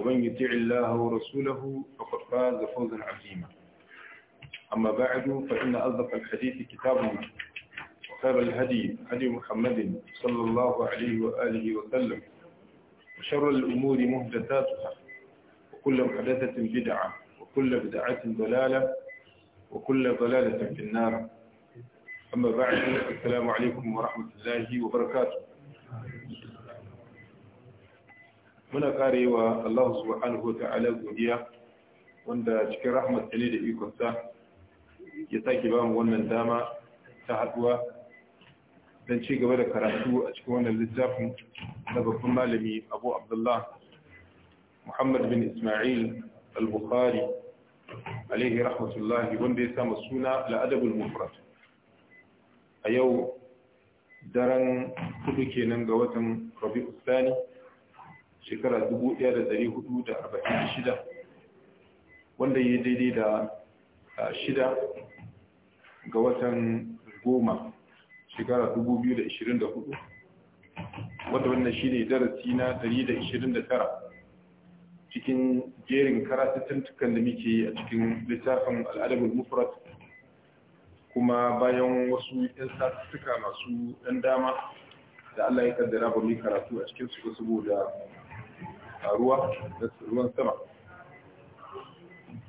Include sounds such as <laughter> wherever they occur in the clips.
ومن يطيع الله ورسوله فقد فاز فوزا عظيما أما بعد فإن أصدق الحديث كتاب وخير الهدي هدي محمد صلى الله عليه وآله وسلم وشر الأمور مهدثاتها وكل محدثة بدعة وكل بدعة ضلالة وكل ضلالة في النار أما بعد السلام عليكم ورحمة الله وبركاته muna karewa Allah subhanahu ta'ala godiya wanda cikin rahmat ne da ikonsa ya sake ba mu wannan dama ta haduwa don ci gaba da karatu a cikin wannan littafin na babban malami Abu Abdullah Muhammad bin Ismail al-Bukhari alaihi rahmatullahi wanda ya samu suna al'adabul mufrad a yau daren kudu kenan ga watan Rabi'u Sani shekara 1446 wanda ya daidai da shida ga watan goma shekara 2024 wanda wannan shi ne darasi na 129 cikin jerin karatattuntukan da muke yi a cikin littafin al'adabin mufrat kuma bayan wasu 'yan satuttuka masu dan dama da Allah ya kaddara ba mu karatu a cikin su saboda ruwa da ruwan sama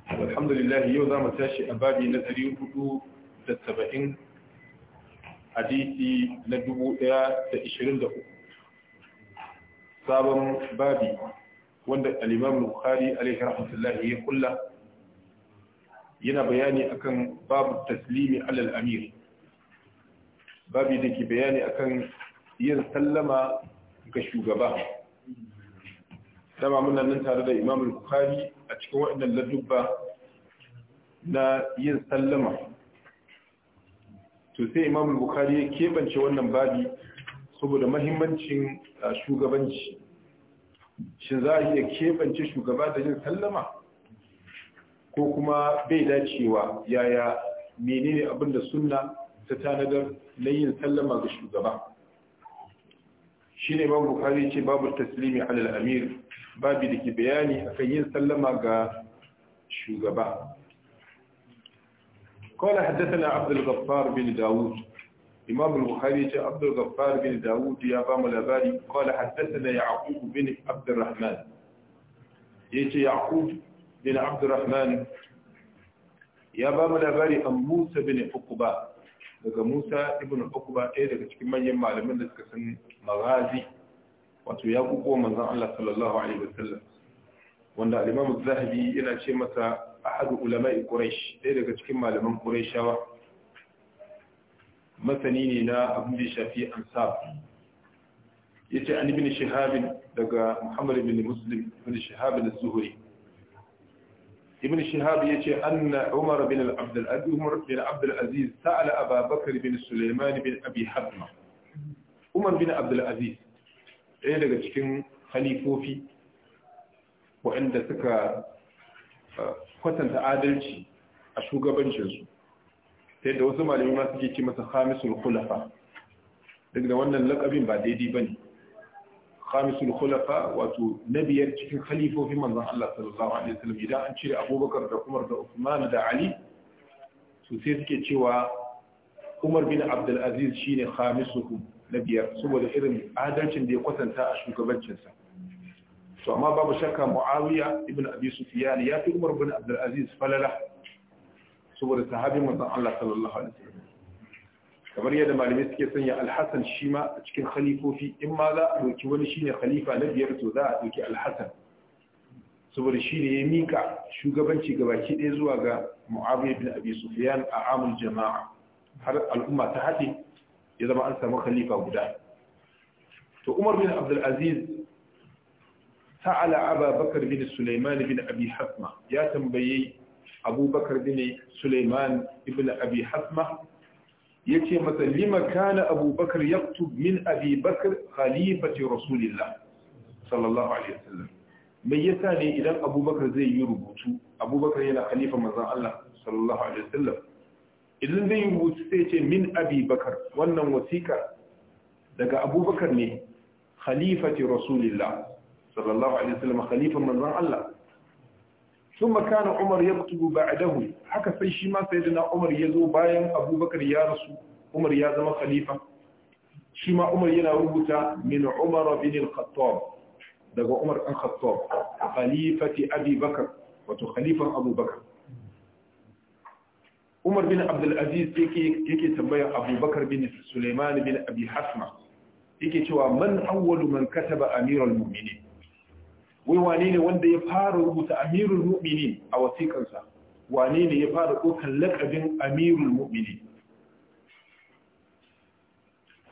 alhamdulillah yau za mu tashi a babi na 470 hadisi na 1023 sabon babi wanda al-imam bukhari alaihi rahmatullahi ya kulla yana bayani akan babu taslimi alal amir babi da ke bayani akan yin sallama ga shugaba dama muna nan tare da imam bukhari a cikin waɗannan ladubba na yin sallama to sai imam bukhari ya keɓance wannan babi saboda mahimmancin ah, shugabanci shin za a iya keɓance shugaba da yin sallama ko kuma bai dacewa yaya menene abin da sunna ta tanadar na yin sallama ga shugaba shi ne imam bukhari ce babu taslimi alal amir babi da ke bayani akan yin sallama ga shugaba. Kola haddasa na Abdul Gaffar bin Dawud, Imam Buhari ce Abdul Gaffar bin Dawud ya ba mu labari, kola haddasa na Ya'ub bin Abdurrahman. Ya ce Ya'ub bin Abdurrahman ya ba mu labari a Musa bin Ukuba, daga Musa ibn Ukuba ɗaya daga cikin manyan malamin da suka san magazi. wato ya kuko manzon Allah sallallahu alaihi wasallam wanda al zahabi yana ce masa haɗu ulama'i Quraysh ɗaya daga cikin malaman Qurayshawa masani ne na abin da shafi Ya ce an ibn shahabin daga Muhammad ibn Muslim ibn Shihab az-Zuhri ibn Shihab yace anna Umar bin al-Abd Umar bin Abd al-Aziz sa'ala Abu Bakr bin Sulaiman bin Abi Hadma Umar bin Abd al ɗaya daga cikin halifofi waɗanda suka uh, kwatanta adalci a shugabancinsu ta yadda wasu malami ma suke ce masa khamisul khulafa duk da wannan lakabin ba daidai ba ne khamisul khulafa wato na biyar cikin halifofi manzan Allah sallallahu alaihi wasallam idan an cire Abubakar da Umar da Usman da Ali sosai sai suke cewa Umar bin Abdul Aziz shine khamisuhum na biyar saboda irin adalcin da ya kwatanta a shugabancinsa to amma babu shakka muawiya ibn abi sufyan ya fi umar bin abdul aziz falala saboda sahabin manzon Allah sallallahu alaihi wasallam kamar yadda malamai suke sanya al-hasan a cikin khalifofi in ma za a doki wani shine khalifa na biyar to za a doki al-hasan saboda shi ne ya mika shugabanci gabaki ɗaya zuwa ga muawiya ibn abi sufyan a amul jama'a har al'umma ta haɗe ya zama an samu khalifa guda to umar bin abdul aziz sa'ala abubakar bin sulaiman bin abi hasma ya tambaye abubakar bin sulaiman ibn abi hasma yace masa lima kana abubakar yaktub min abi bakr khalifati rasulillah sallallahu alaihi wasallam mai yasa ne idan abubakar zai yi rubutu abubakar yana khalifa manzon Allah sallallahu alaihi wasallam idan zai yi rubutu sai ce min abi bakar wannan wasiƙa daga abubakar ne khalifati rasulillah sallallahu alaihi wasallam khalifan manzon Allah ثم umar ya يكتب بعده haka sai shi ma sayyidina Umar yazo bayan Abubakar ya rasu Umar ya zama khalifa shi ma Umar yana rubuta min Umar bin al-Khattab daga Umar an Khattab khalifati Abi Bakar wato khalifan Abu Bakar umar bin abdulaziz yake tambaya abubakar bin suleiman bin abi hasma yake cewa man awwalu man kataba amirul mu'minin wai wane ne wanda ya fara rubuta amirul mu'minin a wasikarsa wane ne ya fara ɗaukar lakabin amirul mu'minin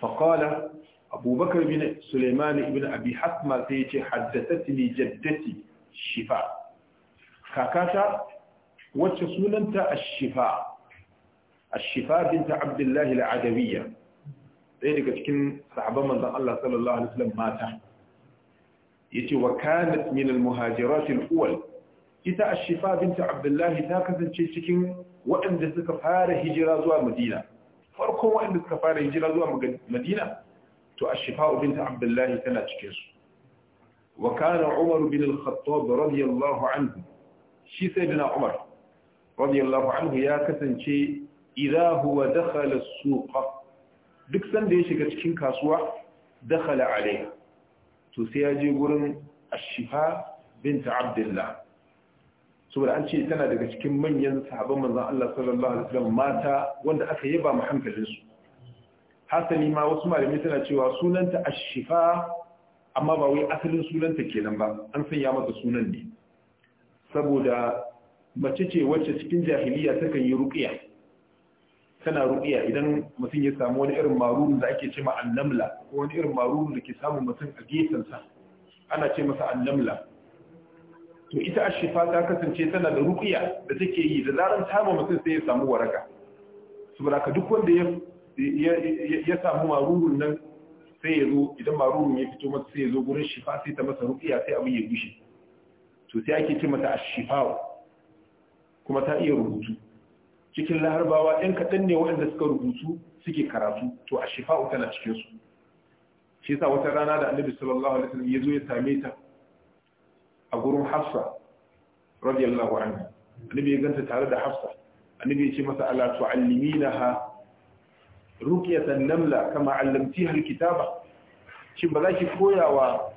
faƙala abubakar bin suleiman ibn abi hasma sai ce haddasat ni jaddati shifa kakata wacce sunanta a shifa ashifa binta abdullahi al'adawiyya ɗaya daga cikin sahabban manzon Allah sallallahu alaihi wasallam mata yace wa kanat min al-muhajirat al ita ashifa binta abdullahi ta kasance cikin waɗanda suka fara hijira zuwa madina farkon waɗanda suka fara hijira zuwa madina to ashifa binta abdullahi tana cikin su wa kana umar bin al-khattab radiyallahu anhu shi sai sayyidina umar radiyallahu anhu ya kasance idza huwa dakhala as duk sanda ya shiga cikin kasuwa dakhala alaiha to sai ya je gurin ash-shifa bint abdullah saboda an ce tana daga cikin manyan sahabban manzon Allah sallallahu alaihi wasallam mata wanda aka yaba mu hankalin su hasali ma wasu malamai tana cewa sunanta ash-shifa amma ba wai asalin sunanta kenan ba an sanya masa sunan ne saboda mace ce wacce cikin jahiliya takan yi ruqya tana ruɗiya idan mutum ya samu wani irin maruru da ake ce ma annamla ko wani irin maruru da ke samun mutum a gefensa ana ce masa annamla to ita ashifa ta kasance tana da ruƙiya da take yi da zarar tama mutum sai ya samu waraka saboda ka duk wanda ya samu marurun nan sai ya zo idan marurun ya fito masa sai ya zo gurin shifa sai ta masa ruƙiya sai abin ya gushe to sai ake ce mata ashifa kuma ta iya rubutu cikin larabawa ɗan kaɗan ne waɗanda suka rubutu suke karatu to a shifa'u tana cikinsu. shi wata rana da annabi sallallahu alaihi wasallam ya zo ya same ta a gurin hafsa radiyallahu anha annabi ya ganta tare da hafsa annabi ya ce masa ala tu'alliminaha ruqyatan namla kama 'allamtiha alkitaba shin ba za ki wa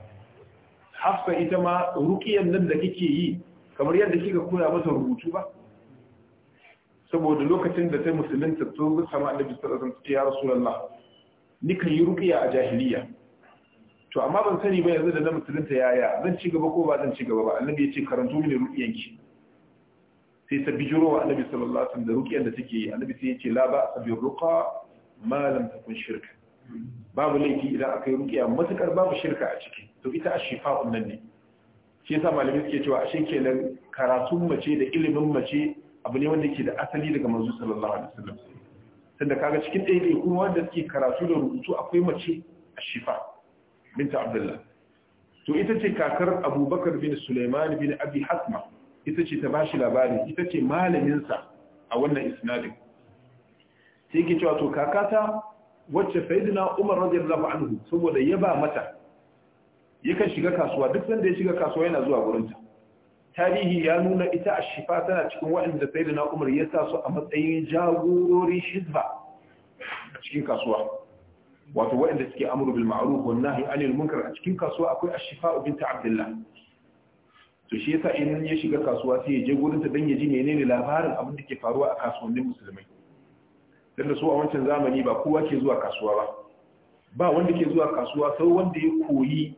hafsa ita ma ruqiyan nan da kike yi kamar yadda kika koya masa rubutu ba saboda lokacin da sai musulunta to zuwa sama annabi sallallahu alaihi wasallam ya rasulullah ni kan yi ruqiya a jahiliya to amma ban sani ba yanzu da na musulunta yaya zan ci gaba ko ba zan ci gaba ba annabi ya ce karanto mini ruqiyanki sai ta bijiro wa annabi sallallahu alaihi wasallam da ruqiyar da take yi annabi sai ya ce la ba sabir ruqa ma lam takun shirka babu laifi idan aka yi ruqiya matukar babu shirka a ciki to ita ashifa'un nan ne shi yasa malamai suke cewa ashe kenan karatun mace da ilimin mace abu ne wanda yake da asali daga manzo sallallahu alaihi wasallam tunda kaga cikin ɗaiɗai kuma wanda suke karatu da rubutu akwai mace a shifa binta abdullah to ita ce kakar abubakar bin suleiman bin abi hasma ita ce ta bashi labari ita ce sa a wannan isnadin sai yake cewa to kakata wacce sayyidina umar radiyallahu anhu saboda yaba mata yakan shiga kasuwa duk sanda ya shiga kasuwa yana zuwa ta tarihi ya nuna ita a shifa tana cikin waɗanda sai da na umar ya sa su a matsayin jagororin shizba a cikin kasuwa wato waɗanda suke amuru bil ma'ruf wa nahi anil munkar a cikin kasuwa akwai ashifa binta abdullah to shi yasa in ya shiga kasuwa sai ya je gurin ta dan ya ji menene labarin abin da ke faruwa a kasuwannin musulmai dan su a wancan zamani ba kowa ke zuwa kasuwa ba ba wanda ke zuwa kasuwa sai wanda ya koyi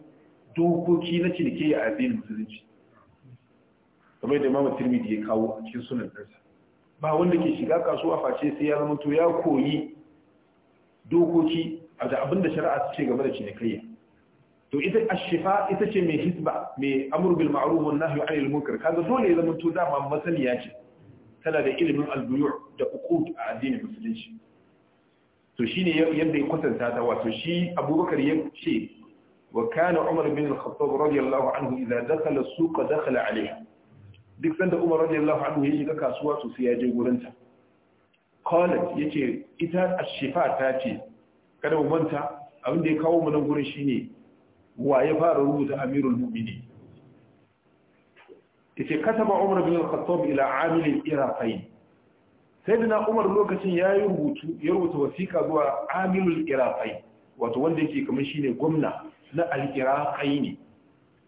dokoki na cinikayya a addinin musulunci kamar da Imam Tirmidhi ya kawo a cikin sunan ɗinsa ba wanda ke shiga kasuwa face sai ya zama ya koyi dokoki a da abinda shari'a ta ce game da cinikayya to ita ashifa ita ce mai hisba mai amur bil ma'ruf wa nahyi 'anil munkar kaga dole ya zama to dama masaniya ce tana da ilimin al da uqud a addinin musulunci to shine yadda ya kwatanta ta wato shi Abubakar ya ce wa kana Umar bin al-Khattab radiyallahu anhu idza dakhala suka suq dakhala 'alayhi duk sanda umar radiyallahu anhu ya shiga kasuwa sosai ya je gurinta ta ya ce ita ashifa ta ce kada mu manta abin da ya kawo mu nan gurin shine wa ya fara rubuta amirul mu'minin yace kataba umar bin al-khattab ila amil al-iraqain sayyidina umar lokacin ya yi rubutu ya rubuta wasiqa zuwa amil al-iraqain wato wanda yake kamar shine gwamna na al-iraqain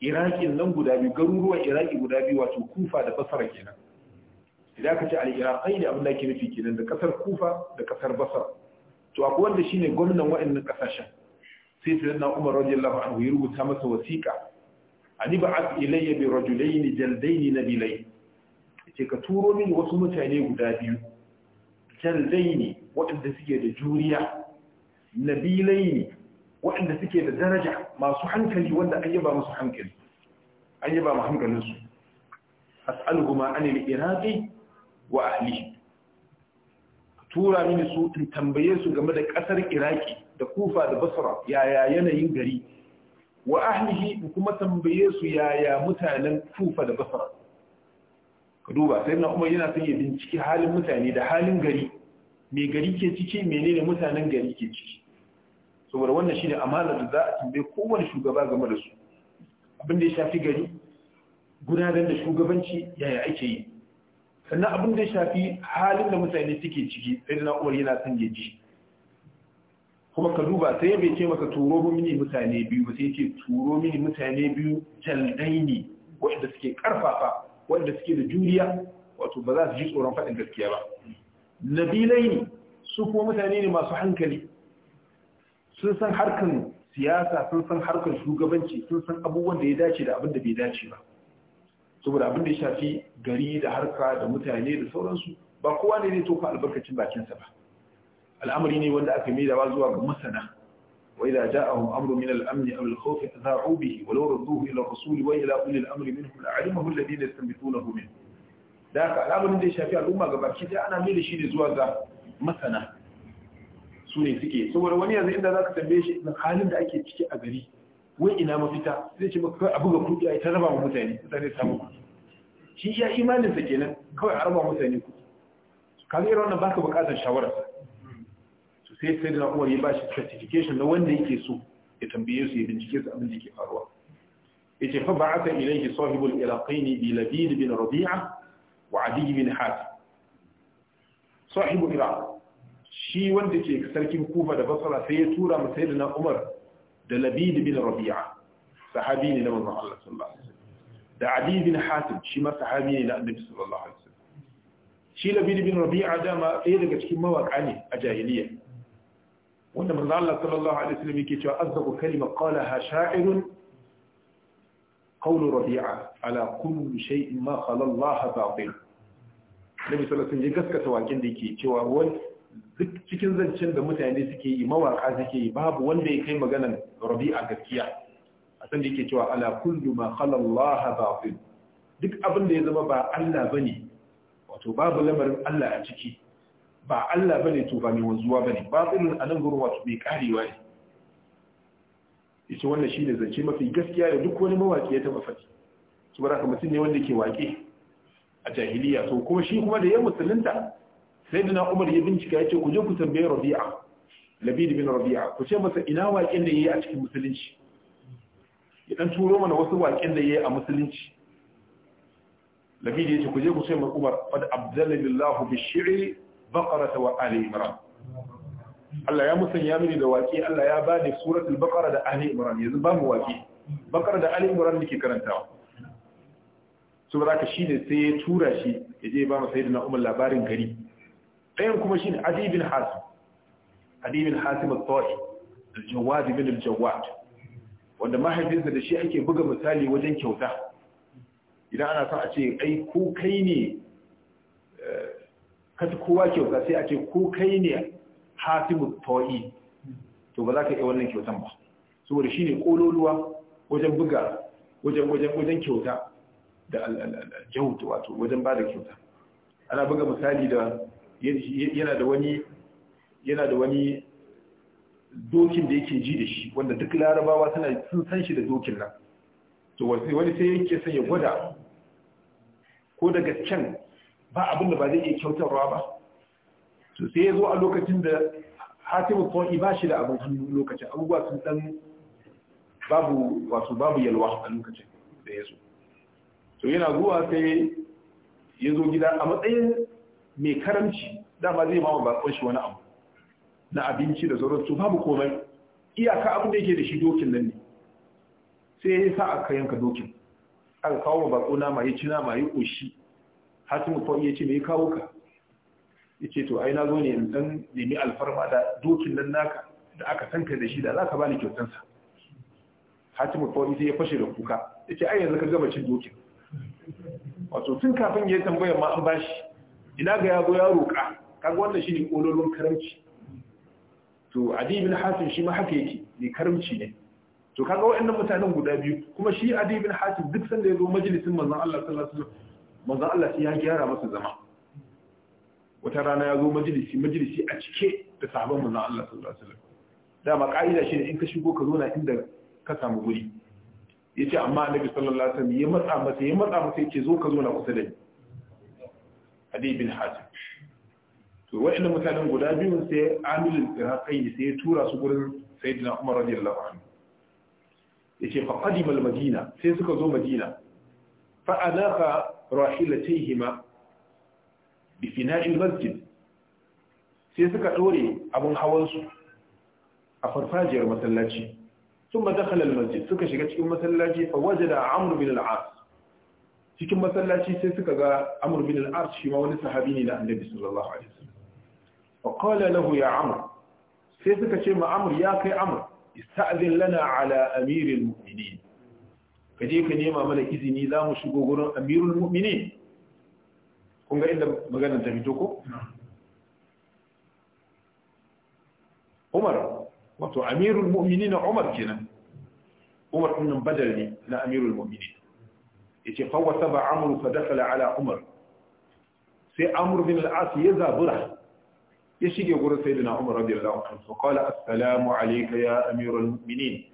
iraƙin nan guda biyu garuruwan iraƙi guda biyu wato kufa da basar kenan idan aka ce al-iraqai ne abin da ke nufi kenan da kasar kufa da kasar basar to akwai wanda shine gwamnan waɗannan kasashen sai sayyidina umar radiyallahu anhu ya rubuta masa wasiƙa ani ba'ath ilayya bi rajulaini jaldaini nabilai ce ka turo mini wasu mutane guda biyu jaldaini waɗanda suke da juriya nabilai waɗanda suke da daraja masu hankali wanda an yaba masu hankali an yaba mu hankalinsu as'aluhuma anil iraqi wa ahli tura mini su in tambaye su game da kasar iraki da kufa da basra yaya yanayin gari wa ahli kuma tambaye su yaya mutanen kufa da basra ka duba sai na umar yana son ya binciki halin mutane da halin gari me gari ke ciki menene mutanen gari ke ciki saboda wannan ne amana da za a tambaye kowane shugaba game da su abin da ya shafi gari gudanar da shugabanci yaya ake yi sannan abin da ya shafi halin da mutane suke ciki sai da na'uwar yana son ya ji kuma ka duba sai bai ce maka turo mini mutane biyu ba sai ce turo mini mutane biyu jaldai ne wanda suke karfafa wanda suke da juriya wato ba za su ji tsoron faɗin gaskiya ba nabilai ne su kuma mutane ne masu hankali sun san harkar siyasa sun san harkar shugabanci sun san abubuwan da ya dace da abin da bai dace ba saboda abin da ya shafi gari da harka da mutane da sauransu ba kowa ne zai tofa albarkacin bakinsa ba al'amari ne wanda aka mai dawa zuwa ga masana wa idza ja'ahum amru min al-amn aw al-khawf adha'u bihi wa law radduhu ila rasul wa ila ulil amri minhum la'alimahu alladhina yastanbitunahu min da ka al'amarin da ya shafi al'umma gabaki da ana mai da shi ne zuwa ga masana su ne suke saboda wani yanzu inda za ka tambaye shi na halin da ake ciki a gari wai ina mafita zai ce maka kawai a buga kuɗi a yi ta raba wa mutane mutane su samu kuɗi shi iya imaninsa kenan kawai a raba mutane kuɗi ga irin wannan baka buƙatar shawararsa to sai sai da uwar ya ba shi certification na wanda yake so ya tambaye su ya bincike su abin da ke faruwa yace fa ba'atha ilayhi sahibul iraqain bi labid bin rabi'a wa adi bin hatim sahibul iraq shi wanda ke sarkin kufa da basra sai ya tura mu na umar da labidi bin rabi'a sahabi ne na manzon Allah sallallahu alaihi wasallam da adi bin hatim shi ma sahabi ne na annabi sallallahu alaihi wasallam shi labid bin rabi'a dama ɗaya daga cikin mawaƙa ne a jahiliya wanda manzon Allah sallallahu alaihi wasallam yake cewa azzaku kalima qalaha sha'irun قول ربيعة على كل شيء ما خلا الله باطل Nabi sallallahu alaihi wasallam ya gaskata wakin da yake cewa wani duk cikin zancen da mutane suke yi mawaka suke yi babu wanda ya kai maganan rabi'a gaskiya a san da yake cewa ala kullu ma khala Allah batil duk abin da ya zama ba Allah bane wato babu lamarin Allah a ciki ba Allah bane to ba mai wanzuwa bane a anan gurin wato bai karewa ne yace wannan shine zance mafi gaskiya da duk wani mawaki ya taba faɗi saboda haka mutum ne wanda ke waƙe a jahiliya to kuma shi kuma da ya musulunta sai umar ya bincika ya ce ku je ku tambaye rabi'a labid bin rabi'a ku ce masa ina waƙen da yayi a cikin musulunci ya dan turo mana wasu waƙen da yayi a musulunci labid ya ce ku je ku ce masa umar qad abdala billahu bi shi'ri baqarata wa ali imran Allah ya musanya mini da waƙe Allah ya bani suratul baqara da ali imran yanzu ba mu waƙe baqara da ali imran nake karantawa saboda haka shine sai ya tura shi ya je ba masa sayyidina umar labarin gari ɗayan kuma shi ne bin hasim adi bin hasim al-tawi al-jawad bin al wanda mahaifinsa da shi ake buga misali wajen kyauta idan ana son a ce ai ko kai ne ka kowa kyauta sai a ce ko kai ne hasimu tawi to ba za ka iya wannan kyautan ba saboda shi ne ƙololuwa wajen buga wajen wajen wajen kyauta da aljawut wato wajen ba da kyauta ana buga misali da yana da wani yana da wani dokin da yake ji da shi wanda duk larabawa suna sun san shi da dokin nan to wani sai yake son ya gwada ko daga can ba abin da ba zai iya kyautarwa ba to sai ya zo a lokacin da hatimu kawai ba shi da abin hannu lokacin abubuwa sun dan babu wasu babu yalwa a lokacin da ya zo to yana zuwa sai ya zo gida a matsayin mai karamci dama zai mawa bakon shi wani abu na abinci da sauran su babu komai iyaka abin da yake da shi dokin nan ne sai ya sa aka yanka dokin aka kawo ma bako nama ya ci nama ya koshi hatimu fa ya ce me kawo ka ya ce to aina zo ne in dan nemi alfarma da dokin nan naka da aka tanka da shi da za ka bani kyautansa hatimu fa sai ya fashe da kuka ya ce ai yanzu ka gama cin dokin wato tun kafin ya tambaya ma an bashi ina ga yago ya roƙa kaga wannan shine kololon karamci to adi bin hasim shi ma haka yake ne karamci ne to kaga wa'annan mutanen guda biyu kuma shi adi bin hasim duk sanda ya zo majalisin manzon Allah sallallahu alaihi wasallam manzon Allah sai ya gyara masa zama wata rana ya zo majalisi majalisi a cike da sahabban manzon Allah sallallahu alaihi wasallam dama ka'ida shi ne in ka shigo ka zo na inda ka samu guri yace amma annabi sallallahu alaihi wasallam ya matsa masa ya matsa masa yace zo ka zo na kusa da ni adi bin hatim to wa'anda mutanen guda biyu sai amilin iraqai sai ya tura su gurin sayyidina umar radiyallahu Ya ce fa qadima al-madina sai suka zo madina fa anaqa rahilatayhima bi fina'il masjid sai suka dore abun hawan su a farfajiyar masallaci ثم دخل المسجد suka shiga cikin masallaci fa wajada amr bin al-as cikin masallaci sai suka ga amr bin al-as shi ma wani sahabi ne na annabi sallallahu alaihi wasallam fa qala lahu ya amr sai suka ce ma amr ya kai amr ista'zin lana ala amiril mu'minin je ka nema mana izini za mu shigo gurin amirul mu'minin kun ga inda maganar ta fito ko Umar wato amirul mu'minin Umar kenan Umar ibn Badal ne na amirul mu'minin yace fa wasaba amru fa dakhala ala umar sai amr bin al-as ya zabura ya shige gurin sayyidina umar radiyallahu anhu fa qala assalamu alayka ya amirul mu'minin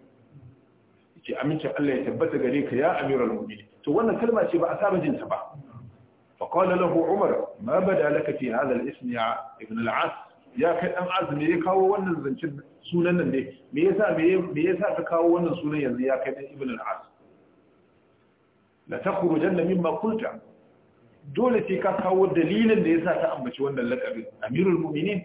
yace amincin Allah ya tabbata gare ka ya amirul mu'minin to wannan kalma ce ba a saba jinta ba fa qala lahu umar ma bada laka fi hadha al-ism ya ibn al-as ya kai dan azumi ya kawo wannan zancin sunan nan ne me yasa me yasa ka kawo wannan sunan yanzu ya kai dan ibn al-as la takhrujanna mimma qulta dole sai ka kawo dalilin da ya sa ta ambaci wannan lakabin amirul mu'minin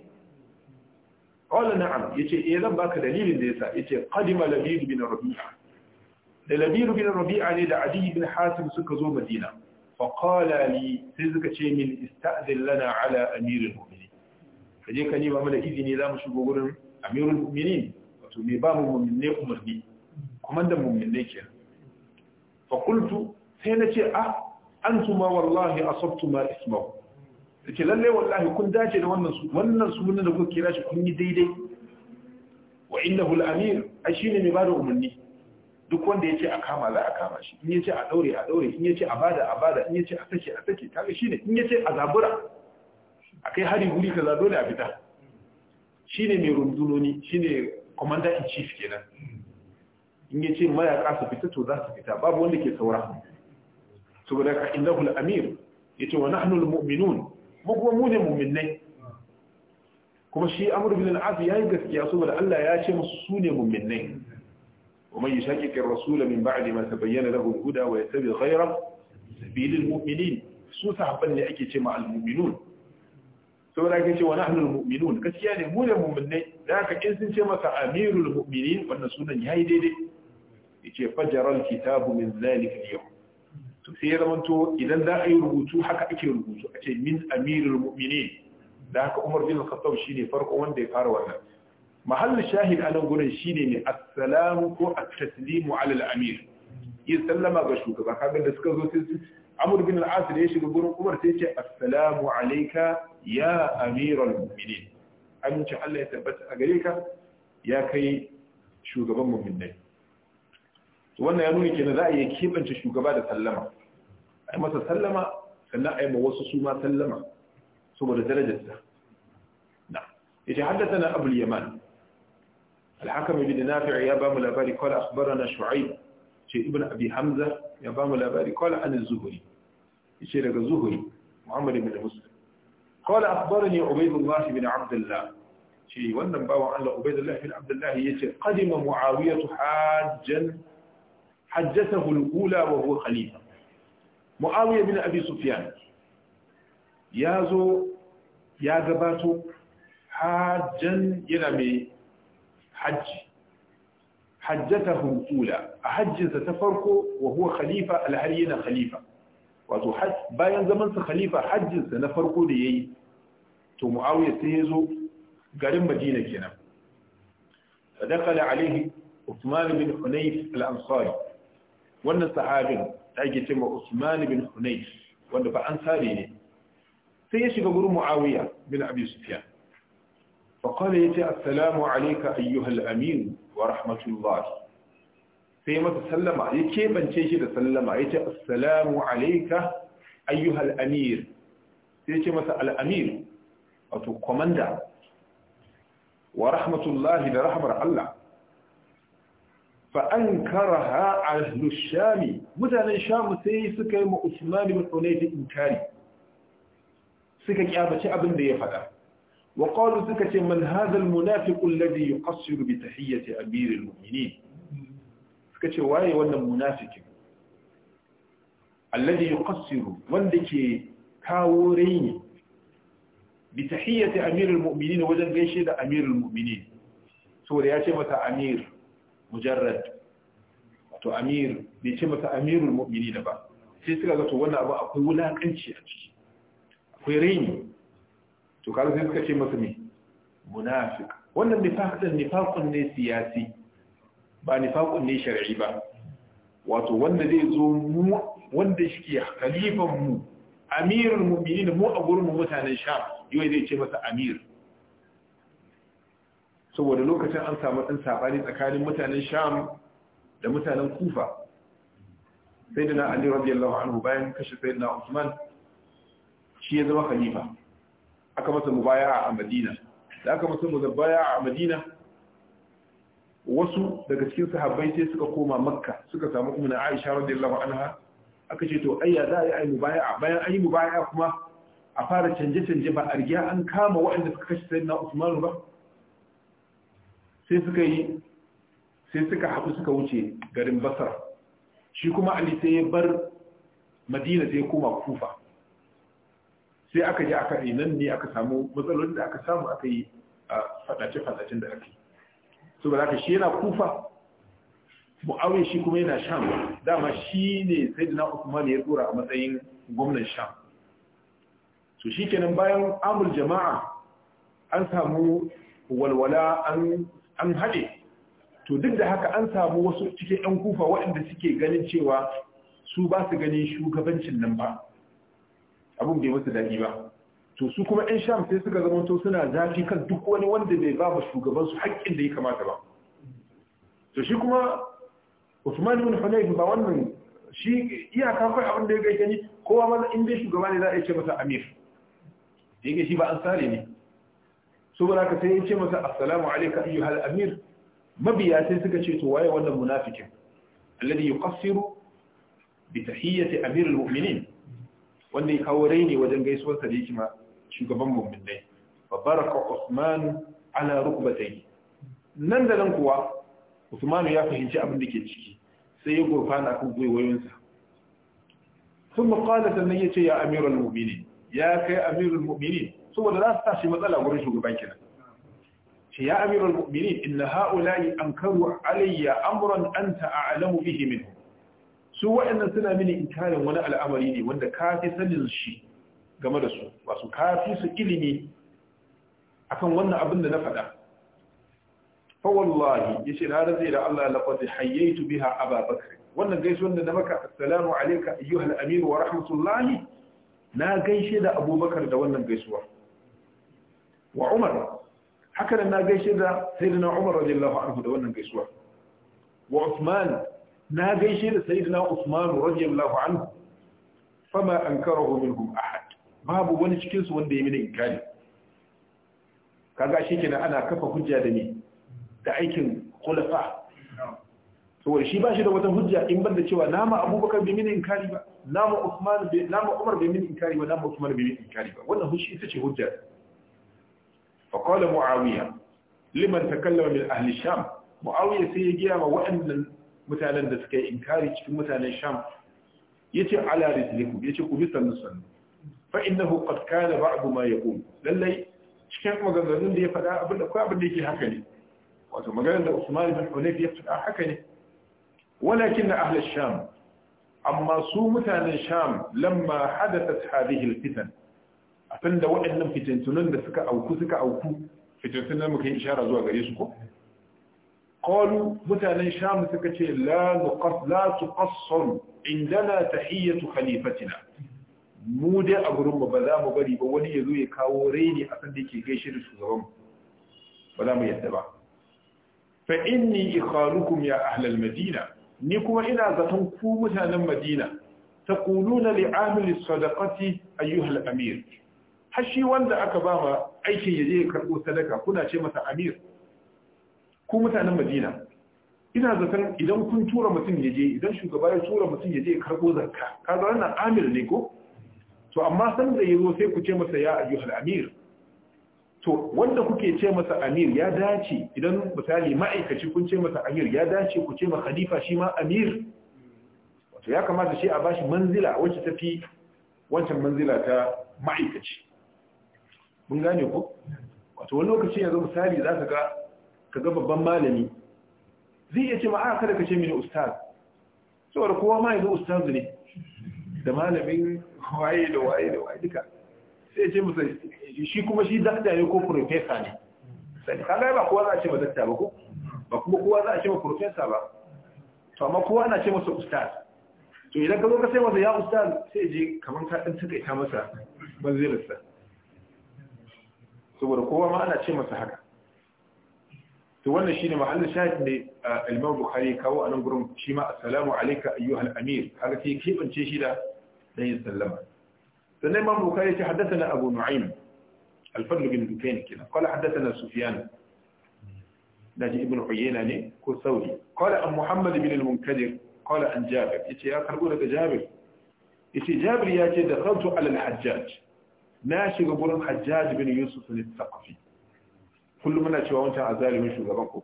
qala na'am ya ce eh zan baka dalilin da ya sa, ya ce ƙadima labid bin rabi'a da labid bin rabi'a ne da adi bin hasim suka zo madina fa qala li sai suka ce min ista'zin lana ala amirul mu'minin kaje ka nima mana izini za mu shigo wurin amirul mu'minin wato me ba mu mu'minne umarni Kuma komandan mu'minne kenan fa qultu sai na ce a ah, an tuma wallahi sabtu ma da ke lalle wallahi kun dace da wannan wannan sunan da kuka kira shi kun yi daidai wa innahu a shi ne mai da umarni duk wanda ya ce a kama za a kama shi in ce a daure a daure in ce a bada a bada in ce a sake a sake shi ne in ce a zabura kai hari guri kaza dole a fita Shi ne mai rundunoni ne commander in chief kenan in ce mayaka su fita to za su fita babu wanda ke saura saboda ka innahu al-amir yace wa nahnu al-mu'minun mu kuma mu ne kuma shi amr bin al yayi gaskiya saboda Allah ya ce masu su ne mu'minai ومن يشاكك الرسول من بعد ما تبين له الهدى ويتبع غير سبيل su sahabban ne ake ce ma al-mu'minun saboda ake ce wa nahnu muminun gaskiya ne mu ne mu'minai da haka in sun ce masa amirul mu'minin wannan sunan yayi daidai yace fajaral kitabu min zalika al-yawm to sai ya zamanto idan za a yi rubutu haka ake rubutu a ce min amirul mu'minin da haka umar bin al-Khasaun khattab shine farko wanda ya fara wannan mahallin shahid a nan gurin shine ne assalamu ko at-taslimu ala al-amir yin sallama ga shugaba kaga da suka zo sai Amr bin al-As ya shiga gurin Umar sai ce assalamu alayka ya amiral mu'minin amince Allah ya tabbata a gare ka ya kai shugaban mu'minai wannan ya nuna kenan za a yi kebance shugaba da sallama ai masa sallama sannan wasu su ma sallama saboda darajarsa na yaman الحكم بن نافع يا بام الأباري قال أخبرنا شعيب شيء أبي حمزة يا بام الأباري قال عن الزهري شيء الزهري محمد بن مسلم قال أخبرني عبيد الله بن عبد الله شيء ونم عن عبيد الله بن عبد الله قدم معاوية حاجا حجته الأولى وهو خليفة mu'awiyar bin abi sufiyan ya zo ya gabato hajjan yana mai hajji hajjatahum ula a hajjinsa ta farko wa huwa khalifa alhari yana khalifa wato bayan zamansa khalifa hajjinsa na farko da yayi to mu'awiyar sai ya zo garin madina kenan sadakala alaihi Usman bin hunayf al-ansari wannan sahabin da ake cewa Usman bin Hunayf wanda ba an sare ne sai ya shiga gurin Muawiya bin Abi Sufyan fa qala yati assalamu alayka ayyuha al-amin wa rahmatullah sai masa sallama ya kebance shi da sallama yace assalamu alayka ayyuha al-amir sai ce masa al-amir wato komanda wa rahmatullahi da rahmar Allah fa'ankaraha ahlu lushami, mutanen shamu sai suka yi ma'usman bin hunayfi inkari suka kyabaci abin da ya faɗa wa qalu suka ce man hadha al munafiq alladhi yuqassiru bi tahiyyati amir al mu'minin suka ce waye wannan munafiki alladhi yuqassiru wanda ke kawo raini bi tahiyyati amir al mu'minin wajen gaishe da amirin al mu'minin saboda ya ce mata amir mujarrad to amir bai ce masa amirul da ba sai suka ga to wannan abu akwai wulakanci a ciki akwai raini to kaga sai suka ce masa me munafiq wannan nifaq din nifaqun ne siyasi ba nifaqun ne shar'i ba wato wanda zai zo mu wanda shi ke khalifan mu amirul mu'minin mu a gurin mutanen sha. yau zai ce masa amir saboda lokacin an samu ɗan saɓani tsakanin mutanen sham da mutanen kufa sai da na ali radiyallahu anhu bayan kashe sai na usman shi ya zama khalifa aka masa mu baya a madina da aka masa mu baya a madina wasu daga cikin sahabbai sai suka koma makka suka samu umma aisha radiyallahu anha aka ce to ayya za a yi mubaya bayan an yi baya kuma a fara canje-canje ba a riga an kama waɗanda suka kashe sayyidina Usman ba sai suka yi sai suka haɗu suka wuce garin basar shi kuma ali sai ya bar madina sai ya koma kufa sai aka je aka nan ne aka samu matsalolin da aka samu aka yi a faɗace-faɗacen da aka so ba za shi yana kufa mu'awai shi kuma yana sham dama shi ne sai dina usman ya tura a matsayin gwamnan sham so shi kenan bayan amul jama'a an samu walwala an an haɗe to duk da haka an samu wasu cikin 'yan kufa waɗanda suke ganin cewa su ba su ganin shugabancin nan ba abin bai musu daɗi ba to su kuma 'yan sham sai suka zama to suna zafi kan duk wani wanda bai ba shugaban su haƙƙin da ya kamata ba to shi kuma Usman ibn Hunayf ba wannan shi iyaka kai abin da ya gani kowa ma in dai shugaba ne za a ce masa amir yake shi ba an sare ne saboda ka sai ya ce masa assalamu alayka ayyuhal amir mabiya sai suka ce to waye wannan munafikin alladhi yuqassiru bi tahiyyati amirul mu'minin wanda ya kawo raini wajen gaisuwar sa yake ma shugaban mu'minai fa baraka usman ala rukbatayhi nan da nan kuwa usman ya fahimci abin da ke ciki sai ya gurfana akan gwiwoyinsa ثم قال ce ya أمير المؤمنين Ya kai أمير المؤمنين saboda za su tashi matsala wurin shugaban kenan shi ya amirul mu'minin inna ha'ula'i ankaru alayya amran anta a'lamu bihi su waɗannan suna mini inkarin wani al'amari ne wanda ka sanin shi game da su Ba su kafi su ilimi akan wannan abin da na faɗa fa wallahi yace na rantsi da Allah laqad hayyaitu biha Aba Bakr wannan gaisuwar da na maka assalamu alayka ayyuhal amir wa rahmatullahi na gaishe da Abubakar da wannan gaisuwa wa umar haka nan na gaishe da sayyidina umar radiyallahu anhu da wannan gaisuwa wa usman na gaishe da sayyidina usman radiyallahu anhu fama ankarahu minhum ahad babu wani cikin su wanda ya mini inkari kaga kenan ana kafa hujja da ni da aikin khulafa saboda shi ba shi da wata hujja in ban da cewa nama abubakar bai mini inkari ba nama usman bai nama umar bai mini inkari ba nama usman bai mini inkari ba wannan hujja ita ce hujja فقال معاوية liman ta kallamin ahli sham muawiya sai ya giya ma waɗannan mutanen da suka yi inkari cikin mutanen sham yace ala rijlikum yace ku bi sannu sannu fa innahu qad kana ba'd ma yaqul lallai cikin maganganun da ya faɗa abin da abin haka ne wato maganar da Usman ibn Hunayf ya faɗa haka ne ahli sham amma su mutanen sham lamba hadathat tarihin fitan a da waɗannan fitintunan da suka auku suka auku fitintunan muka yi ishara zuwa gare su ko qalu mutanen sham suka ce Latu, nuqas la tuqassar indana tahiyatu khalifatina mu dai a gurin ba za mu bari ba wani ya zo ya kawo raini a sanda da gaishe da shugaban ba za mu yadda ba fa inni ikhalukum ya ahlal madina ni kuma ina zaton ku mutanen madina taquluna li amil sadaqati ayyuha al amir har shi wanda aka ba ma aikin ya je ya karɓo sadaka kuna ce masa amir ku mutanen madina ina zaton idan kun tura mutum ya je idan shugaba ya tura mutum ya je ya karɓo zarka ka zo na amir ne ko to amma san da ya zo sai ku ce masa ya ayyuhal amir to wanda kuke ce masa amir ya dace idan misali ma'aikaci kun ce masa amir ya dace ku ce ma khalifa shi ma amir wato ya kamata shi a bashi manzila wacce tafi wancan manzila ta ma'aikaci kun gane ko wato wani lokaci yanzu misali za ka ga ka ga babban malami zai iya ce ma a ah, kada ka ce mini ustaz saboda kowa ma yanzu ustaz ne da malamin waye da waye da waye duka sai ce musa shi kuma shi dakta ne ko profesa ne sai kaga ba kowa za a ce ma dakta ba ko ba kuma kowa za a ce ma profesa ba to amma kowa ana ce masa ustaz to idan ka zo ka sai masa ya ustaz sai je kamar ka dan takaita masa ban zai rasa saboda kowa ma ana ce masa haka to wannan shine mahallin shahid ne al-Imam Bukhari kawo anan gurin shi ma assalamu alayka ayyuhal amir kaga sai kibance shi da dan sallama sannan Imam Bukhari ya haddathana Abu Nu'aym al-Fadl bin Dukayn kina qala haddathana Sufyan da ji ibn Uyayna ne ko Sauri qala an Muhammad bin al-Munkadir qala an Jabir yace ya karbo daga Jabir yace Jabir yace dakhaltu ala al-Hajjaj na shiga gurin hajjaj bin yusuf ne kafi kullum muna cewa wancan azalimin shugaban ku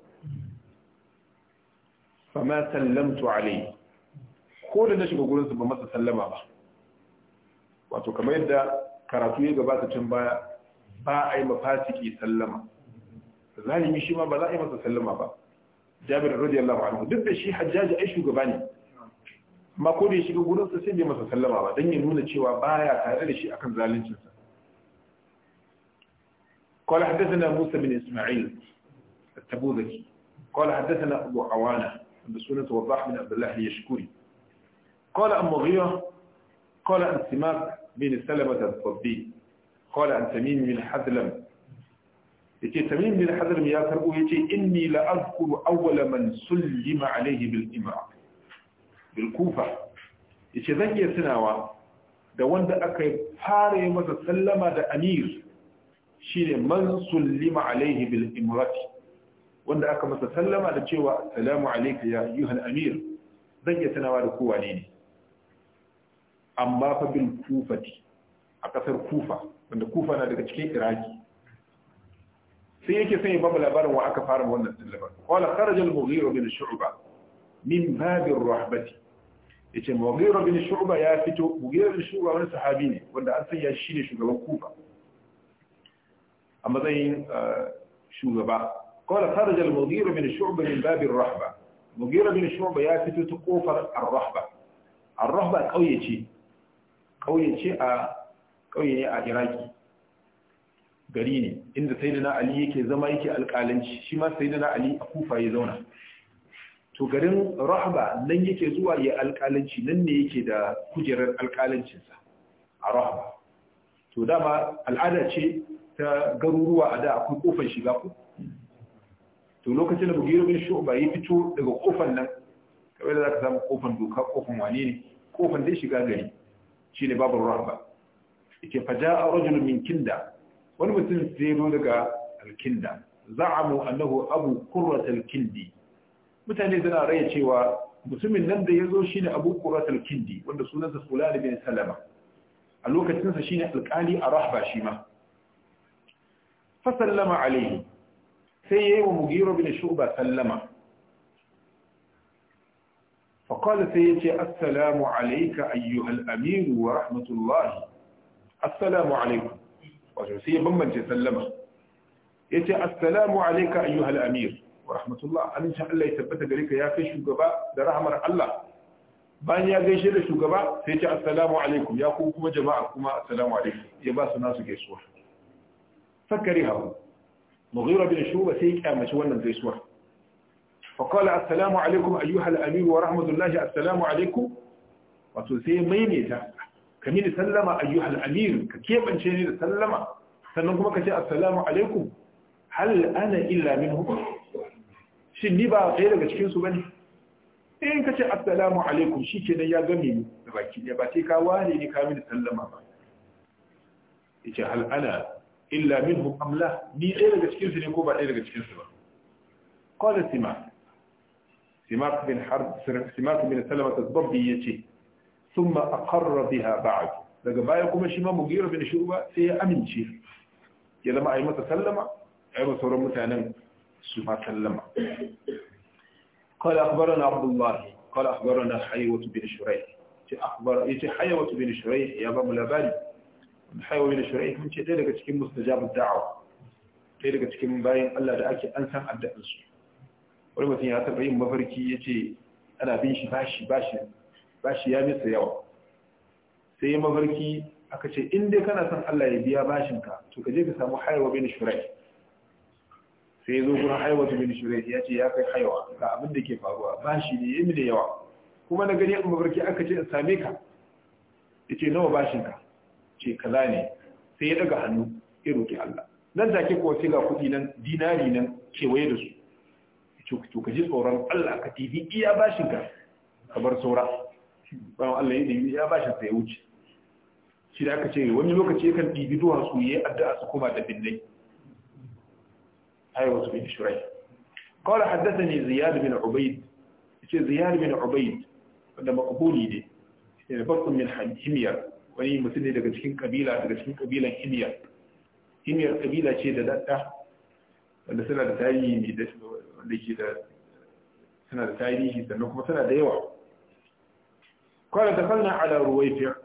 fa ma sallamtu alayhi ko da na shiga gurin su ba masa sallama ba wato kamar yadda karatu ya gabata tun baya ba a yi mafasiki sallama zalimi shi ma ba za a yi masa sallama ba jabir radiyallahu anhu duk da shi hajjaji ai shugaba ne amma ko da ya shiga gurin sa sai bai masa sallama ba dan ya nuna cewa baya tare da shi akan zalincin sa قال حدثنا موسى بن إسماعيل التبوذكي قال حدثنا أبو عوانة بسنة وضاح بن عبد الله اليشكري قال أم مغيرة قال أن سماك بن سلمة الضبي قال أن تميم بن حذلم يتي تميم بن حذلم يا تربو يتي إني لأذكر أول من سلم عليه بالإمرأة بالكوفة يتي ذكي سناوة دا wanda aka fara masa sallama دا أمير shine man sullima alaihi bil imrati wanda aka masa sallama da cewa assalamu alayka ya ayyuhal amir zan iya tunawa da kowa ne amma fa bil kufati a kasar kufa wanda kufa na daga cikin iraki sai yake sai babu labarin wa aka fara wannan sallama qala kharaja al mughira bin shu'ba min babir rahbati yace mughira bin shu'ba ya fito mughira bin shu'ba wani sahabi ne wanda an sanya shi ne shugaban kufa a matsayin eh, shugaba kawai da al-mughira min shu'ba min babin rahba Mugira min shu'ba ya fito ta kofar ar-rahba ar-rahba kauye ce a kauye ne a iraki gari ne inda sayyidina ali yake zama yake alƙalanci shi ma sayyidina ali a kufa ya zauna to garin rahba nan yake zuwa ya alƙalanci nan ne yake da kujerar alƙalancinsa a rahba to dama al'ada ce ta garuruwa a da akwai kofar shiga ku to lokacin da bugiru bin shu'ba ya fito daga kofar nan kawai da zaka samu kofar doka kofar wane ne kofar dai shiga gari shine babu rahba yake a rajulun min kinda wani mutum sai zo daga alkinda za'amu annahu abu qurrat alkindi mutane suna raya cewa mutumin nan da ya zo shi ne abu ƙuratar kindi wanda sunansa fulani bin salama a lokacinsa shi ne alkali a rahba shi ma fa sallama alaihi sai ya yi wa mughira bin shuba sallama fa sai ya ce assalamu alaika ayyuhal amir wa rahmatullah assalamu alaykum wato sai ya bambance sallama ya ce assalamu alaika ayyuhal amir wa rahmatullah amincin Allah ya tabbata gare ka ya kai shugaba da rahmar Allah bayan ya gaishe da shugaba sai ya ce assalamu alaikum ya ku kuma jama'a kuma assalamu alaikum ya ba su nasu gaisuwa fakari hawa mughira bin shuba sai ya kyamaci wannan gaisuwa. fa qala assalamu alaikum ayyuhal amir wa rahmatullahi assalamu alaikum wato sai maimaita kami da sallama ayyuhal amir ka kebance ni da sallama sannan kuma ka ce assalamu alaikum hal ana illa minhum shin ni ba ɗaya daga cikin su bane in ka ce assalamu alaikum shi kenan ya game da baki ɗaya ba sai ka ni ka mini sallama ba hal ana إلا منهم أم لا مي إيرغ تكين سنكوبا إيرغ تكين سنكوبا قال سماك سماك بن حرب سماك بن سلمة الضبيتي ثم أقر بها بعد لقى بايكم الشماء مغيرة بن شعوبة سي أمن شيء يلما أي متسلمة عرو سورة متانا سماء سلمة قال أخبرنا عبد الله قال أخبرنا حيوة بن شريح أخبر إيتي حيوة بن شريح يا بابا لا بالي hayoyi da shari'a mun ce ɗaya daga cikin mustajabud da'awa ɗaya daga cikin bayan Allah da ake an san addu'ar wani mutum ya taɓa yin mafarki ya ce ana bin shi bashi bashi bashi ya misa yawa sai ya mafarki aka ce in dai kana son Allah ya biya bashinka to ka je ka samu hayawa bin shura'i sai ya zo kuma hayawa bin shura'i ya ce ya kai hayawa ga abin da ke faruwa bashi ne ya da yawa kuma na gani mafarki aka ce in same ka ya ce nawa bashinka ce kaza ne sai ya daga hannu ya roki Allah nan take kuwa sai ga kuɗi nan dinari nan kewaye da su to ka ji tsoron Allah ka tibi iya bashin ka ka bar saura bayan Allah ya nemi iya bashin sai ya wuce shi da aka ce wani lokaci yakan tibi duwa su yi addu'a su koma da binnai ayo su bin shurai qala haddathani ziyad bin ubayd ce ziyad bin ubayd wanda makbuli ne ne babban min himyar wani mutum ne daga cikin kabila daga cikin kabilan himiyar himiyar kabila ce da daɗa wanda suna da tarihi ne da wanda ke da suna da tarihi sannan kuma suna da yawa kawai da kalna ala ruwaifiyar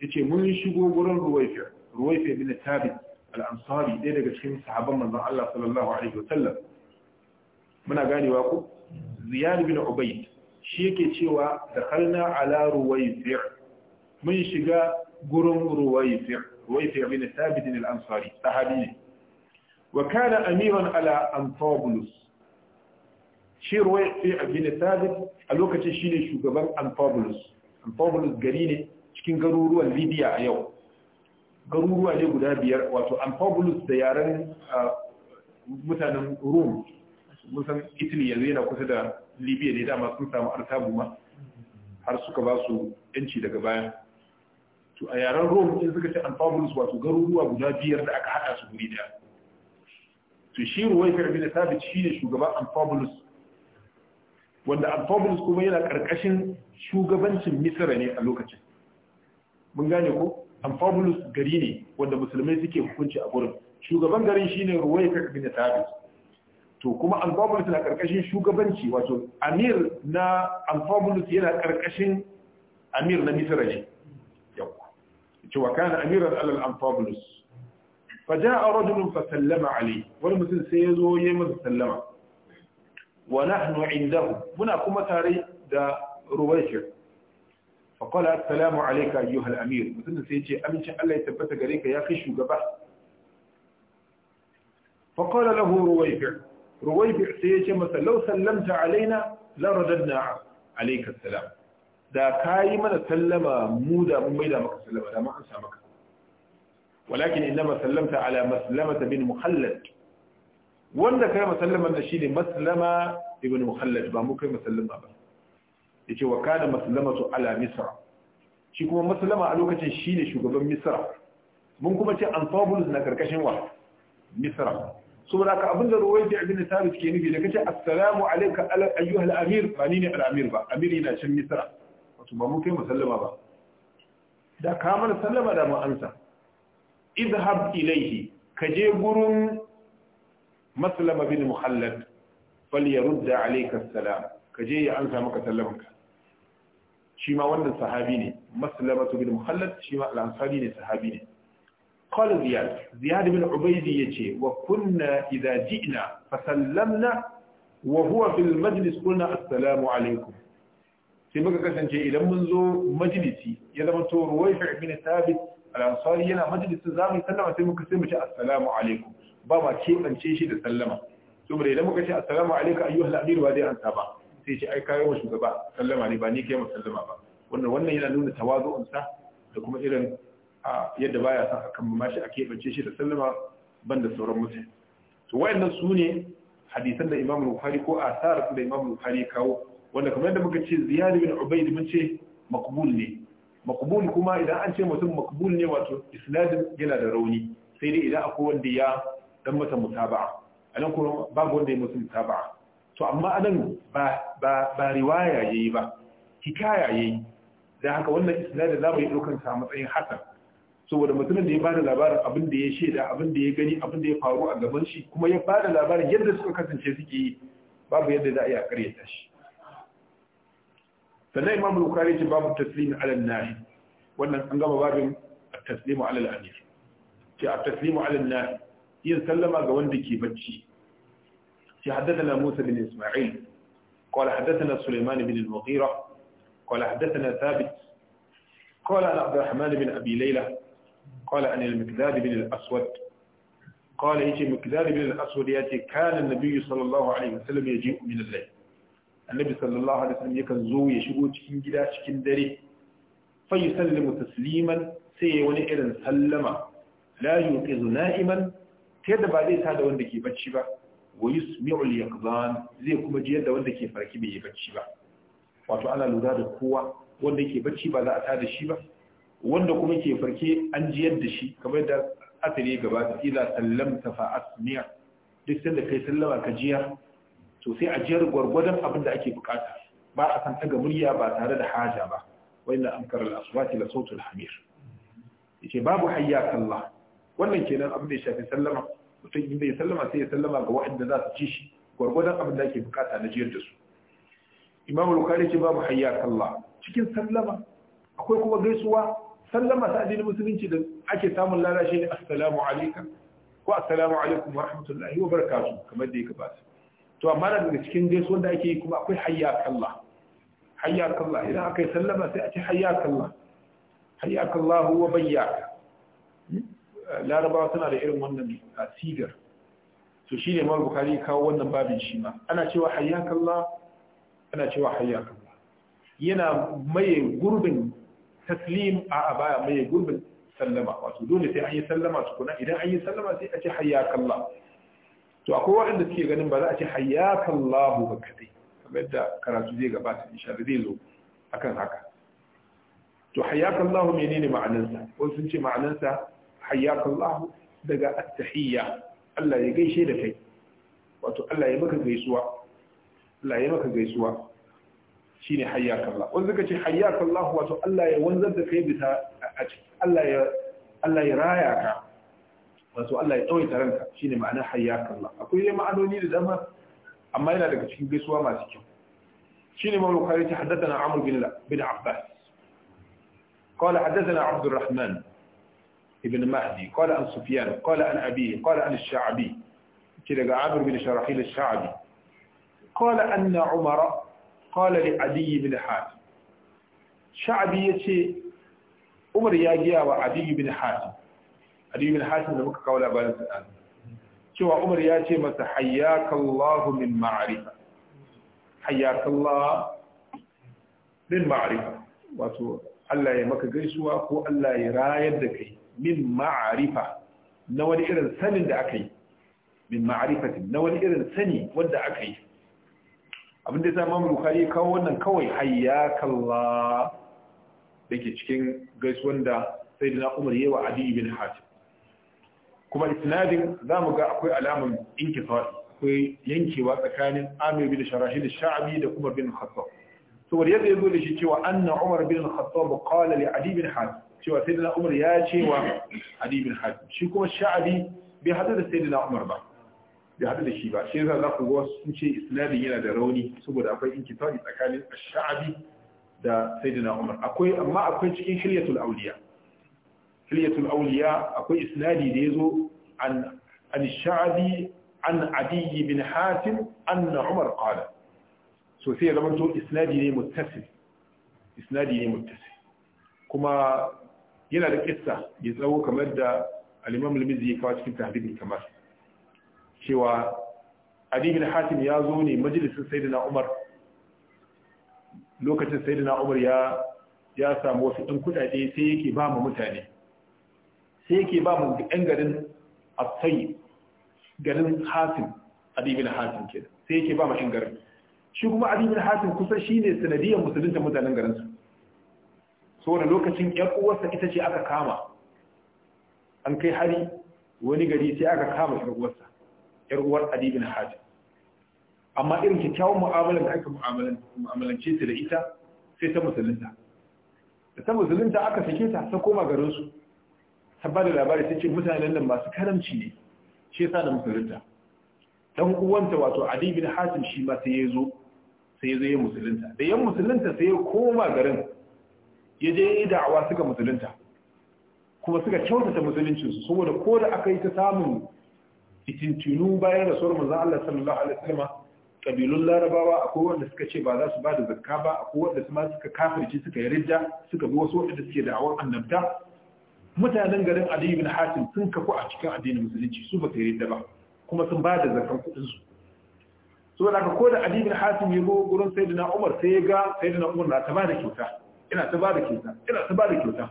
ya ce mun shigo gurin ruwaifiyar ruwaifiyar bin tabit al'ansari ɗaya daga cikin sahaban manzan Allah sallallahu Alaihi wasallam muna ganewa ku ziyar bin ubaid shi yake cewa da kalna ala ruwaifiyar mun shiga gurin ruwaifi ruwaifi bin thabit al-ansari sahabi ne wa kana amiran ala anfabulus shi ruwaifi bin thabit a lokacin shine shugaban anfabulus anfabulus gari ne cikin garuruwan libya a yau garuruwa ne guda biyar wato anfabulus da yaren mutanen rum musan italy yanzu yana kusa da libya ne dama sun samu artabu ma har suka ba su yanci daga bayan. to a yaren rom in suka ce alfabulus wato garuruwa guda biyar da aka haɗa su guri daya to shi ruwai karbi da sabit shi ne shugaban alfabulus wanda alfabulus kuma yana ƙarƙashin shugabancin misira ne a lokacin mun gane ko alfabulus gari ne wanda musulmai suke hukunci a gurin shugaban garin shi ne ruwai karbi da sabit to kuma alfabulus na ƙarƙashin shugabanci wato amir na alfabulus yana ƙarƙashin amir na misira ne cewa kana amiran alal amfabulus faja a rajulun fasallama ali wani mutum sai ya zo ya yi masa sallama wa nahnu indahu muna kuma tare da rubaishir faƙola assalamu alaika yi hal amir mutum sai ce amincin allah ya tabbata gare ya fi shugaba lahu rubaishir sai ya ce masa lau sallamta alaina lan rajadna alaika salamu da ka yi mana sallama mu da mun maida maka sallama da an sa maka walakin inna masallamta ala maslamata bin muhallad wanda kai masallaman da shine maslama ibn muhallad ba mu kai masallama ba yace wa kana maslamatu ala misra shi kuma maslama a lokacin shine shugaban misra mun kuma ce antabulus na karkashin wa misra saboda ka abinda ruwaiti ibn thabit ke nufi da kace assalamu alayka ayyuhal amir ba ni ne al amir ba amiri na cin misra su ba mu kai mu ba da ka mana sallama da mu amsa idhab ilayhi ka je gurin maslama bin muhallad falyarudda alayka assalam ka je ya amsa maka sallamanka shi ma wannan sahabi ne maslama bin muhallad shi ma al-ansari ne sahabi ne qala ziyad ziyad bin ubaydi yace wa kunna idha ji'na fa sallamna wa huwa fil majlis qulna assalamu sai muka kasance idan mun zo majalisi ya zama to ruwaifa ibn thabit al-ansari yana Za mu sallama sai muka sai mu ce assalamu alaikum ba ma kebance shi da sallama saboda idan muka ce assalamu alaikum ayyuhal amir wa dai anta ba sai ce ai kayo mu shugaba sallama ne ba ni kai mu sallama ba wannan wannan yana nuna tawazu'un sa da kuma irin yadda baya sa akan mashi a kebance shi da sallama ban da sauran mutane to wayannan su ne hadisan da Imam Bukhari ko asar da Imam Bukhari kawo wanda kamar yadda muka ce ziyad bin ubaid mun ce maqbul ne maqbul kuma idan an ce mutum maqbul ne wato isnadin yana da rauni sai dai idan akwai wanda ya dan mata mutaba'a anan kuma babu wanda ya mutum mutaba'a to amma anan ba ba ba riwaya yayi ba hikaya yayi dan haka wannan isnadin za mu yi daukan sa matsayin hasan saboda mutumin da ya bada labarin abin da ya sheda, abin da ya gani abin da ya faru a gaban shi kuma ya bada labarin yadda suka kasance suke yi babu yadda za a yi a karyata shi sannan imam bukhari ce babu taslim ala nahi wannan an gaba babin taslimu ala al ce ala nahi yin sallama ga wanda ke bacci ce haddathana Musa bin Isma'il قال حدثنا سليمان بن المغيرة قال حدثنا ثابت قال عن عبد الرحمن بن أبي ليلى قال عن المكذاب بن الأسود قال يجي مكذاب بن الأسود يأتي كان النبي صلى الله عليه وسلم يجيء من الليل annabi sallallahu alaihi wasallam yakan zo ya shigo cikin gida cikin dare fa yusallimu tasliman sai wani irin sallama la yuqizu na'iman ta yadda ba zai da wanda ke bacci ba wa yusmi'u al-yaqzan zai kuma ji yadda wanda ke farki bai yi bacci ba wato ana lura da kowa wanda ke bacci ba za a tada shi ba wanda kuma ke farke an ji yadda shi kamar yadda asali gaba da ila sallamta fa asmi'a duk sanda kai sallama ka jiya to sai a jiyar gwargwadon abin da ake bukata ba a san daga murya ba tare da haja ba wanda an karar aswati la sautul hamir yace babu hayya sallah wannan kenan abin da ya shafi sallama mutum inda ya sallama sai ya sallama ga waɗanda za su ci shi gwargwadon abin da ake bukata na jiyar da su imam al-bukhari ce babu hayya sallah cikin sallama akwai kuma gaisuwa sallama ta addinin musulunci da ake samun lalashi ne assalamu alaikum ko assalamu alaikum wa rahmatullahi wa barakatuh kamar da ya gabata to amma na daga cikin gaisuwar da ake yi kuma akwai hayya kallah hayya kallah idan aka yi sallama sai a ce hayya kallah hayya kallah wa bayya larabawa tana da irin wannan sigar to shi ne bukari kawo wannan babin shi ma ana cewa hayya kallah ana cewa hayya kallah yana maye gurbin taslim a baya maye gurbin sallama wato dole sai an yi sallama tukuna idan an yi sallama sai a ce hayya kallah to akwai waɗanda suke ganin ba za a ce hayyakan lahu ba kaɗai kamar yadda karatu zai gabata insha Allah zai zo akan haka to hayyaka Allah menene ma'anansa wasu sun ce ma'anansa hayyakan lahu daga at Allah ya gaishe da kai wato Allah ya maka gaisuwa Allah ya maka gaisuwa shine hayyakan lahu wanda suka ce hayyakan lahu wato Allah ya wanzar da kai bisa a cikin Allah ya Allah ya raya ka wato Allah ya tsawaita ranka shine ma'ana hayyaka Allah akwai dai ma'anoni da dama amma yana daga cikin gaisuwa masu kyau shine mawlu Bukhari ta haddathana Amr bin la bin Abbas قال حدثنا عبد الرحمن ابن مهدي قال عن سفيان قال عن أبيه قال عن الشعبي كده عامر shabi qala anna umar qala li adi bin بن sha'bi yace umar ya giya wa adi bin حاتم aliyu bin da muka kawo labarin sa cewa umar ya ce masa hayyakallahu min ma'arifa hayyakallahu min ma'arifa wato Allah ya maka gaisuwa ko Allah ya rayar da kai min ma'arifa na wani irin sanin da aka yi min ma'arifatin na wani irin sani wanda aka yi abinda ya zama bukari kawo wannan kawai hayyakallahu da ke cikin gaisuwan da sai da na umar yawa adi bin hatim kuma isnadin za mu ga akwai alamun inkisar akwai yankewa tsakanin amir bin da sha'abi da kuma bin khattab saboda yadda ya zo da shi cewa anna umar bin ba qala li ali bin cewa sayyidina umar ya cewa ali bin hatim shi kuma sha'abi bai hadu da sayyidina umar ba bai hadu da shi ba shi yasa za ku ga wasu ce isnadin yana da rauni saboda akwai inkisar tsakanin sha'abi da sayyidina umar akwai amma akwai cikin hilyatul auliya hilyatul awliya akwai isnadi da yazo an an sha'bi an adi bin hatim anna umar qala so sai ya zamanto isnadi ne muttasil isnadi ne muttasil kuma yana da kissa ya tsawo kamar da al-imam al-mizi ya kawo cikin tahdhib kamar cewa adi bin hatim ya zo ne majalisin sayyidina umar lokacin sayyidina umar ya ya samu wasu ɗan kuɗaɗe sai yake ba mu mutane sai yake ba mu ɗan garin asai garin hasim adibin hasim ke sai yake ba mu ɗan garin shi kuma adibin hasim kusa shi ne sanadiyar musulunta mutanen garinsu saboda lokacin ƴan uwarsa ita ce aka kama an kai hari wani gari sai aka kama ƴan uwarsa ƴan uwar adibin hasim amma irin kyakkyawan mu'amalar da aka mu'amalance su da ita sai ta musulunta da ta musulunta aka sake ta ta koma garinsu ta ba da labari ta ce mutanen nan masu karamci ne shi yasa da musulunta dan uwanta wato Ali bin Hatim shi ma sai ya zo sai yazo ya musulunta da yan musulunta sai ya koma garin ya je yi da'awa suka musulunta kuma suka kyautata su saboda ko da aka yi ta samun fitintunu bayan rasuwar manzo Allah sallallahu alaihi wasallam kabilun larabawa akwai wanda suka ce ba za su ba da zakka ba akwai wanda su ma suka kafirci suka yarda suka bi wasu wanda suke da'awar annabta mutanen garin Ali bin Hatim sun kafu a cikin addinin musulunci su ba tare da ba kuma sun bada zakan kudin su so da ko da Ali bin Hatim ya zo gurin Sayyidina Umar sai ya ga Sayyidina Umar na ta ba da kyauta ina ta ba da kyauta ina ta ba da kyauta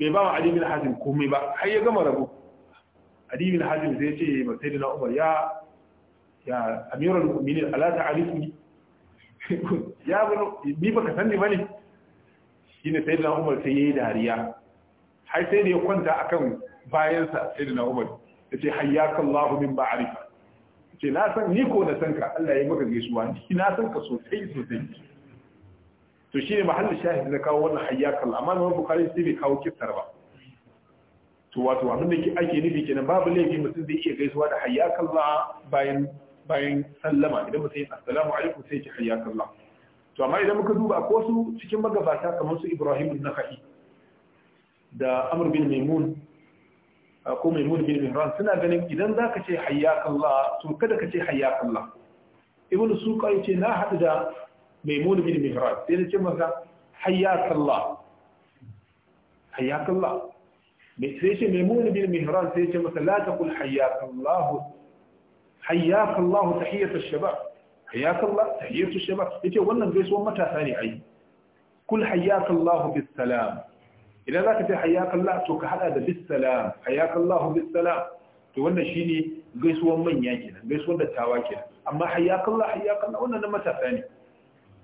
bai ba Ali bin Hatim komai ba har ya gama rabo Ali bin Hatim sai ya ce ma Sayyidina Umar ya ya Amirul Mu'minin ala ta'arifu <laughs> ya bano ni baka san ne bane shine sai da Umar sai yayi dariya har sai da ya kwanta akan bayansa sai da Umar yace hayyakallahu min ba'rifa ce na san ni ko na san ka Allah ya maka gaisuwa ni na san ka sosai sosai to shine mahallin shahid na kawo wannan hayyakal amma Imam Bukhari sai bai kawo kiftar ba to wato abin da ake nufi kenan babu laifi mutum zai iya gaisuwa da hayyakallah bayan bayan sallama idan mutum ya assalamu alaikum sai ya hayyakallah to amma idan muka duba ko su cikin magabata kamar su Ibrahim an-Nakhai da Amr bin Maimun ko Maimun bin Imran suna ganin idan za ka ce hayyakallah to kada ka ce hayyakallah Ibn Suqa yace na hadu da Maimun bin Imran sai ya ce masa hayyakallah hayyakallah sai ce Maimun bin Imran sai ya ce masa la taqul hayyakallah hayyakallah tahiyyatu ash-shabab hayyak Allah tahiyyatu shabab yace wannan gaisuwan matasa ne ayi kul hayyak Allah bis idan zaka ce hayyak Allah to ka hada da bis salam hayyak Allah bis salam to wannan shine gaisuwan manya kenan gaisuwan dattawa kenan amma hayyak Allah hayyak wannan na matasa ne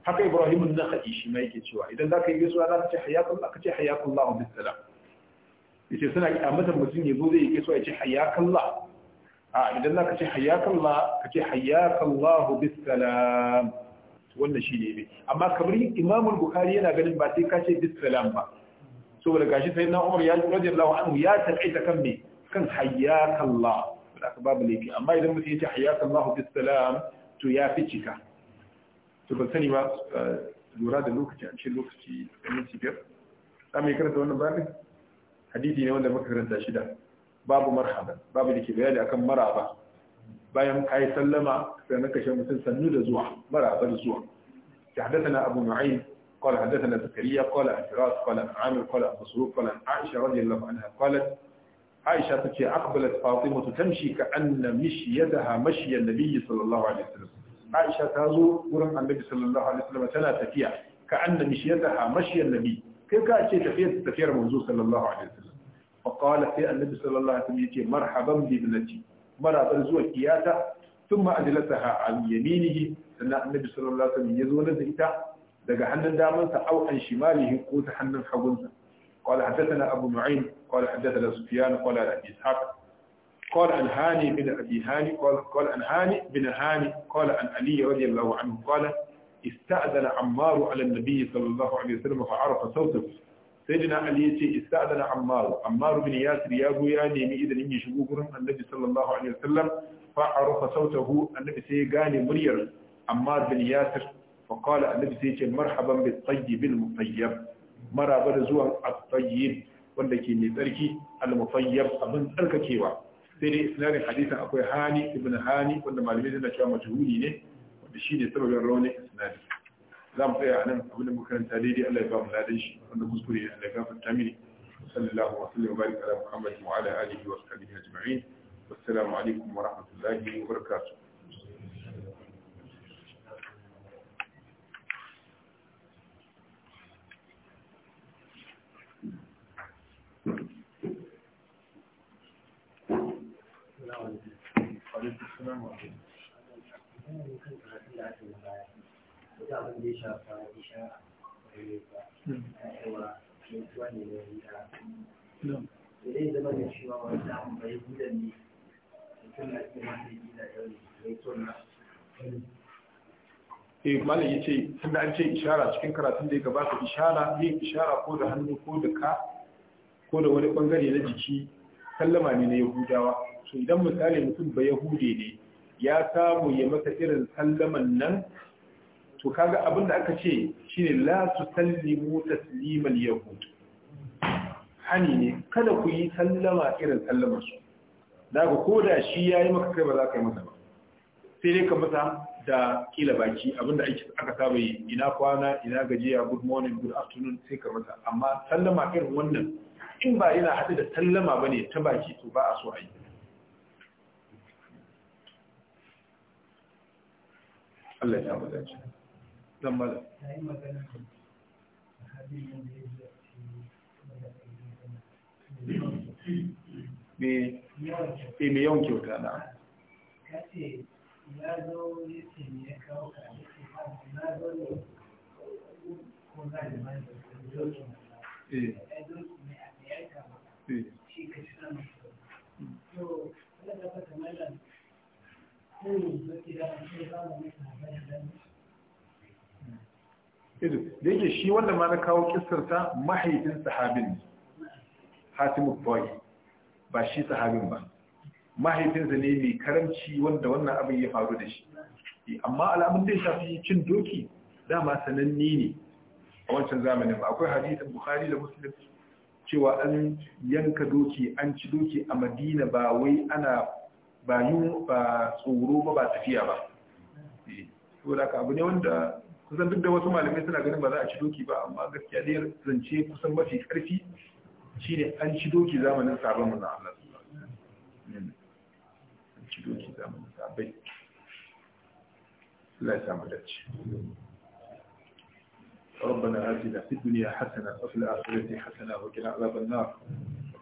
haka Ibrahim an-Nakhai shi ma yake cewa idan zaka yi gaisuwa zaka ce hayyak Allah ka ce hayyak Allah bis salam yace suna mutum ya zo zai yi gaisuwa ya ce a idan na kace ce hayyakallah ka ce hayyakallahu bisalam wannan shi ne amma kamar imamul bukhari yana ganin ba sai ka ce bisalam ba saboda gashi sai na umar ya radiyallahu anhu ya taƙaita kan me kan hayyakallah da aka babu laifi amma idan mutum ya ci hayyakallahu bisalam to ya fi cika to ban sani ba lura da lokaci a cikin lokaci da minti biyar za mu yi karanta wannan bayanin hadisi ne wanda muka karanta shida babu marhaban babu da ke bayani akan maraba bayan kai sallama sannan kashe mutum sannu da zuwa marabar zuwa ta haddathana abu nu'aym قال حدثنا زكريا قال عن فراس قال عن عامر قال عن مسروق قال عن عائشة رضي الله عنها قالت عائشة تتي أقبلت فاطمة تمشي كأن مشيتها مشي النبي صلى الله عليه وسلم عائشة تازو قرن النبي صلى الله عليه وسلم تنا تفيع كأن مشيتها مشي النبي كيف كانت تفيع تفيع منزول صلى الله عليه وسلم fa sai annabi sallallahu alaihi wasallam yace marhaban bi ibnati marabar zuwa iyata thumma ajlasaha an yaminihi sannan annabi sallallahu alaihi wasallam yazo ita daga hannun damansa au an shimalihi ko ta hannun hagunsa قال حدثنا أبو abu قال حدثنا سفيان قال عن إسحاق قال عن هاني بن أبي هاني hani قال عن هاني بن هاني قال عن علي رضي الله عنه قال استأذن عمار على النبي صلى الله عليه Saidina ali ya ce ista'dana ammar Ammaru bin yasir ya go ya nemi idan ya shigo gurin annabi sallallahu alaihi wasallam fa arafa sautahu annabi sai ya gane muryar ammar bin yasir fa qala annabi sai yace marhaban bit tayyib al mutayyib maraba da zuwan at tayyib wanda ke mai tsarki al mutayyib abin tsarkakewa sai dai isnadin hadisin akwai hani ibn hani wanda malamai suna cewa majhuli ne wanda shine sababin raunin isnadin za mu tsaya a nan abin da muka karanta daidai Allah ya ba mu ladan shi wanda kuskure Allah ya gafarta mini sallallahu alaihi wa sallam baraka ala Muhammad wa ala alihi wa sahbihi ajma'in wassalamu alaikum wa rahmatullahi wa barakatuh Thank you. eh malam yace tunda an ce ishara cikin karatun da ya gabata ishara yin ishara ko da hannu ko da ka ko da wani bangare na jiki sallama ne na yahudawa so idan misali mutum ba yahude ne ya samu ya mata irin sallaman nan to kaga abin da aka ce shine la tusallimu tasliman yahud hani ne kada ku yi sallama irin sallamar su daga ko da shi yayi maka kai ba za ka yi masa ba sai dai ka masa da kila baki abin da ake aka saba yi ina kwana ina gajiya good morning good afternoon sai ka masa amma sallama irin wannan in ba yana haɗu da sallama bane ta baki to ba a so a yi Allah ya samu dace. tambala me eh, mai yawan kyauta na ya ya ya ne ko na da mai da eh, eh. ido da yake shi wanda ma na kawo kistarsa mahaifin sahabin ne hatimu boy ba shi sahabin ba mahaifinsa ne mai karamci wanda wannan abin ya faru da shi e, amma al'amun da ya shafi cin doki dama sananne ne a wancan zamanin akwai hadisin bukhari da muslim cewa an yanka doki an ci doki a madina ba wai ana ba yi ba tsoro ba ba tafiya ba e, saboda ka abu ne wanda kusan duk da wasu malamai suna ganin ba za a ci doki ba amma gaskiya dai zance kusan mafi karfi shine an ci doki zamanin sabon na Allah sallallahu alaihi an ci doki zamanin sabai la ya samu dace ربنا آتنا في الدنيا حسنة وفي الآخرة حسنة وقنا عذاب النار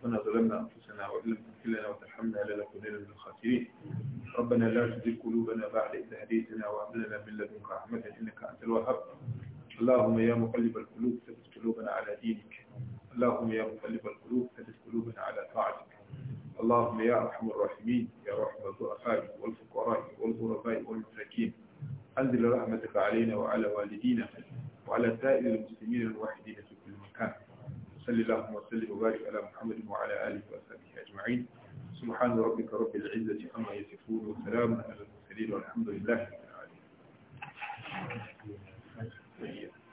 ربنا ظلمنا أنفسنا وإن لم تغفر لنا وترحمنا لنكونن من الخاسرين ربنا لا تزغ قلوبنا بعد إذ هديتنا وهب لنا من لدنك رحمة إنك أنت الوهاب اللهم يا مقلب القلوب ثبت قلوبنا على دينك اللهم يا مقلب القلوب ثبت قلوبنا على طاعتك اللهم يا أرحم الراحمين يا رحمة الضعفاء والفقراء والغرباء والمساكين أنزل رحمتك علينا وعلى والدينا وعلى سائر المسلمين الواحدين في كل مكان صلى الله وسلم وبارك على محمد وعلى آله وصحبه أجمعين سبحان ربك رب العزة عما يصفون وسلام على المرسلين والحمد لله رب العالمين